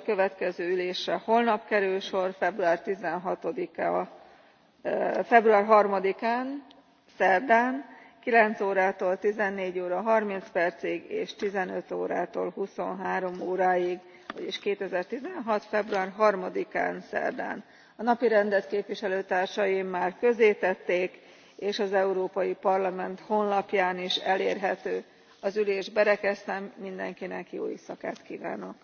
a következő ülésre holnap kerül sor február three án szerdán nine órától fourteen óra thirty percig és fifteen órától twenty three óráig vagyis two thousand and sixteen február three án szerdán. a napirendet képviselőtársaim már tették és az európai parlament honlapján is elérhető. az ülést berekeztem mindenkinek jó éjszakát kvánok!